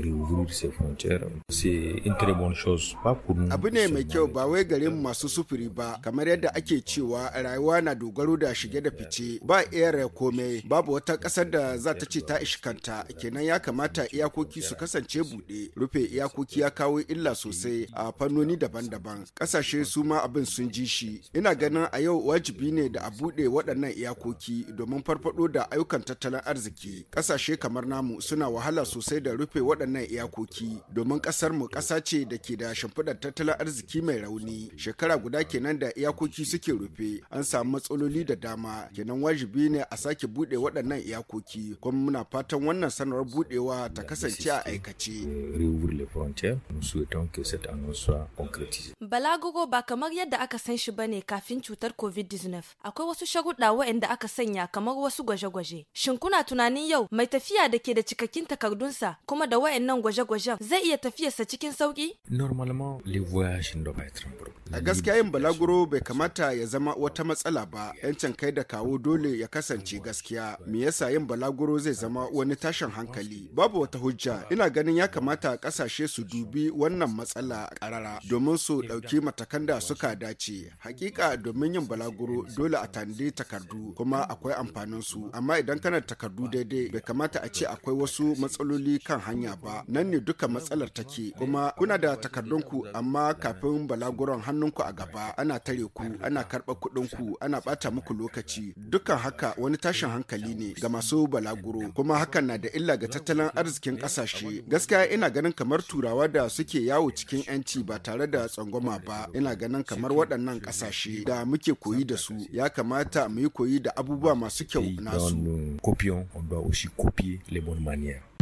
réouvrir ses frontières c'est une très bonne chose pas pour nous abu ne mai kyau ba wai garin masu sufuri ba kamar yadda ake cewa rayuwa na dogaro da shige da fice ba iyar komai babu wata kasar da za ta ce ta ishikanta kenan ya kamata iyakoki su kasance buɗe rufe iyakoki ya kawo illa sosai a fannoni daban-daban kasashe su ma abin sun ji shi ina ganin a yau wajibi ne da a buɗe waɗannan iyakoki domin farfado da ayyukan tattalin arziki kasashe kamar namu suna wahala sosai da rufe waɗannan waɗannan iyakoki domin ƙasar mu ƙasa ce da ke da shimfiɗar tattalin arziki mai rauni shekara guda kenan da iyakoki suke rufe an samu matsaloli da dama kenan wajibi ne a sake buɗe waɗannan iyakoki kuma muna fatan wannan sanarwar buɗewa ta kasance a aikace. balaguro ba kamar yadda aka san shi bane kafin cutar COVID-19. Akwai wasu sharuɗa waɗanda aka sanya kamar wasu gwaje-gwaje. Shin kuna tunanin yau mai tafiya da ke da cikakkin takardunsa kuma da waɗannan gwaje-gwajen zai iya tafiyarsa cikin sauki? A gaskiya yin balaguro bai kamata ya zama wata matsala ba. Yancin kai da kawo dole ya kasance gaskiya. Me yasa yin balaguro zai zama wani tashin hankali? Babu wata hujja. Ina ganin ya kamata ƙasashe su dubi wannan matsala ƙarara domin su ɗauki ɗauki matakan da suka dace. Hakika domin yin balaguro dole a tanadi takardu kuma akwai amfanin su. Amma idan kana takardu daidai bai kamata a ce akwai wasu matsaloli kan hanya ba. Nan ne duka matsalar take kuma kuna da takardun ku amma kafin balaguron hannunku a gaba ana tare ku ana karɓa ku, ana ɓata muku lokaci dukkan haka wani tashin hankali ne ga masu balaguro kuma hakan na da illa ga tattalin arzikin ƙasashe gaskiya ina ganin kamar turawa da suke yawo cikin 'yanci ba tare da tsangwama al'umma ba ina ganin kamar waɗannan ƙasashe da muke koyi da su ya kamata mu yi koyi da abubuwa masu kyau nasu. Uh,